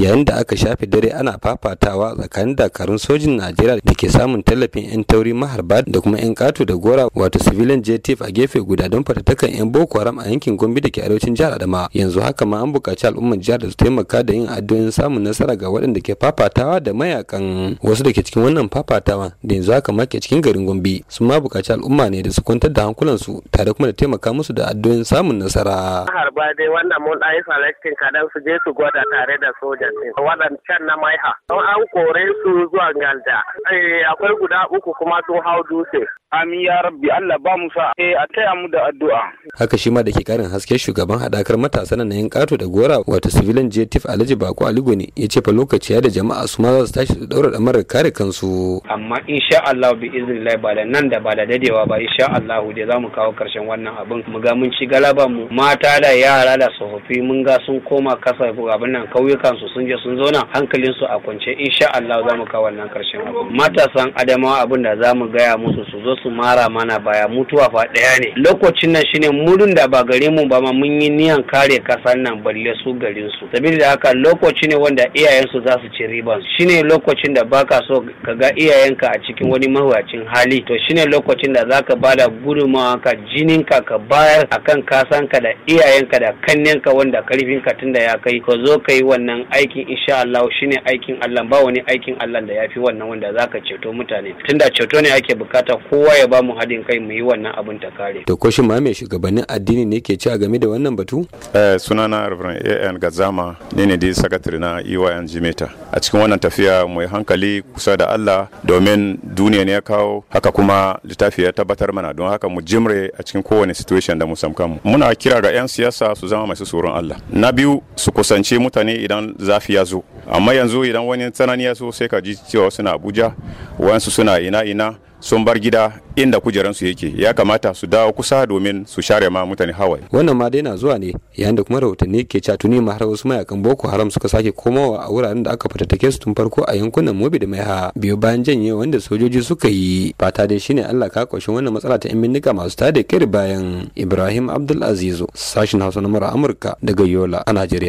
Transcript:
yayin da aka shafe dare ana fafatawa tsakanin dakarun sojin najeriya da ke samun tallafin 'yan tauri maharba da kuma 'yan kato da gora wato civilian jtf a gefe guda don fatattakan 'yan boko haram a yankin gombe da ke arewacin jihar adama yanzu haka ma an buƙaci al'ummar jihar da su taimaka da yin addu'o'in samun nasara ga waɗanda ke fafatawa da mayakan wasu da ke cikin wannan fafatawa da yanzu haka ma ke cikin garin gombe sun ma buƙaci al'umma ne da su kwantar da hankulansu tare kuma da taimaka musu da addu'o'in samun nasara. Harba dai wannan mun ɗaya yi kadan su je su gwada tare da soja. ɗin waɗancan na maiha don an kore su zuwa galda eh, akwai guda uku kuma sun hau dutse amin ya rabbi allah ba mu sa eh, a taya mu da addu'a haka shi ma da ke karin haske shugaban haɗakar matasa na yan ƙato da gora wato civilian jtf alhaji bako aligo ne ya ce fa lokaci ya da jama'a su ma za su tashi su ɗaura ɗamarar kare kansu amma insha allah bi iznillah ba da nan da ba da dadewa ba insha allah dai za mu kawo ƙarshen wannan abin mu ga mun ci galaba mu mata da yara da tsofaffi mun ga sun koma kasa abin nan kauyukan su sun je sun nan hankalin su a kwance insha Allah za mu kawo wannan karshen abu matasan adamawa abin da za mu gaya musu su zo su mara mana baya mutuwa fa daya ne lokacin nan shine mudun da ba gare mu ba ma mun yi niyan kare kasan nan balle su garin su saboda haka lokaci ne wanda iyayen su za su ci riban shine lokacin da baka so ka ga iyayenka a cikin wani mahuwacin hali to shine lokacin da zaka bada gudunmawa ka jinin ka bayar akan kasanka da iyayenka da kannenka wanda ka tunda ya kai ka zo ka yi wannan aikin insha Allah shine aikin Allah ba wani aikin Allah da yafi wannan wanda zaka ceto mutane tunda ceto ne ake bukata kowa ya ba mu haɗin kai mu yi wannan abun ta kare to ko shi ma mai shugabannin addini ne ke cewa game da wannan batu eh sunana Reverend AN Gazama ne ne dai sakatare na EYN Jimeta a cikin wannan tafiya mu hankali kusa da Allah domin duniya ne ya kawo haka kuma littafi ya tabbatar mana don haka mu jimre a cikin kowane situation da mu samu kanmu muna kira ga 'yan siyasa su zama masu tsoron Allah na biyu su kusance mutane idan zafi ya zo amma yanzu idan wani tsanani ya so sai ka ji cewa suna abuja wasu suna ina ina sun bar gida inda su yake ya kamata su dawo kusa domin su share ma mutane hawaye wannan ma dai na zuwa ne yayin da kuma rahotanni ke catuni ma har wasu mayakan boko haram suka sake komawa a wuraren da aka fatattake su tun farko a yankunan mobi da mai ha. biyu bayan janye wanda sojoji suka yi fata dai shine allah ka kwashin wannan matsala ta yan bindiga masu tada kiri bayan ibrahim abdulazizu sashin hausa na amurka daga yola a najeriya